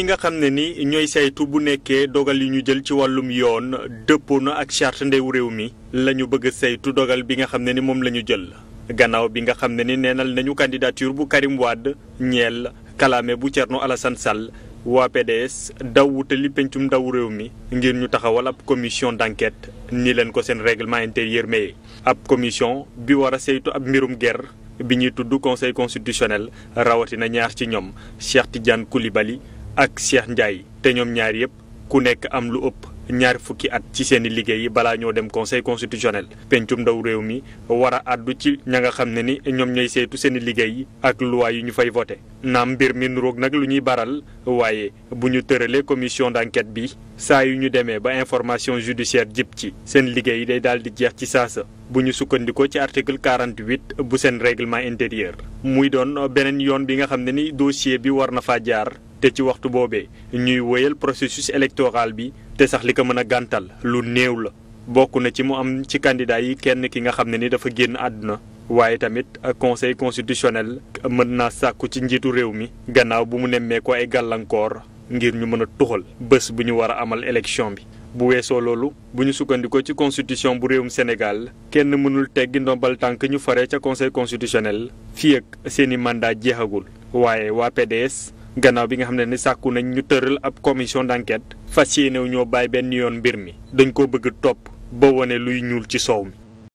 ñi nga xam ne ni ñooy saytu bu nekkee dogal yi ñu jël ci wàllum yoon dëppoo na ak charte ndewu réew mi la ñu bëgg saytu dogal bi nga xam ne ni moom la ñu jël gannaaw bi nga xam ne ni neenal nañu candidature bu Karim Wade ñeel kalaame bu Thierno Alassane Sall waa PDS daw wutali pencum ndaw réew mi ngir ñu taxawal ab commission d'enquête ni leen ko seen règlement intérieur mais ab commission bi war a saytu ab mbirum ger bi ñuy tudd conseil constitutionnel rawatina ñaar ci ñoom Cheikh Tidiane Koulibaly ak Cheikh Ndiaye te ñoom ñaar yëpp ku nekk am lu ëpp ñaar fukki at ci seen i liggéey yi balaa ñoo dem conseil constitutionnel pencum ndaw réew mi war a àddu ci ña nga xam ne ni ñoom ñooy saytu seen liggéey yi ak luwaay yu ñu fay voté naam mbir mi nuroog nag lu ñuy baral waaye bu ñu tëralee commission d'enquête bi saa yu ñu demee ba information judiciaire jib ci seen liggéey yi day daal di jeex ci sa bu ñu sukkandikoo ci article 48 bu seen règlement intérieur te ci waxtu boobee ñuy wéyal processus électoral bi te sax li ko mën a gàntal lu néew la bokk na ci mu am ci candidat yi kenn ki nga xam ne ni dafa génn àdduna waaye tamit conseil constitutionnel mën naa sàkku ci njiitu réew mi gannaaw bu mu nemmee ko ay gàllankoor ngir ñu mën a tuxal bés bu ñu war a amal élection bi bu weesoo loolu bu ñu sukkandikoo ci constitution bu réewum Sénégal kenn mënul teggi ndombal tànk ñu fare ca conseil constitutionnel fii ak seeni mandat jeexagul gannaaw bi nga xam ne ni sàkku nañ ñu tëral ab commission d'enquête fas yéenew ñoo bàyyi benn yoon mbir mi dañ koo bëgg topp boo wone luy ñuul ci soow mi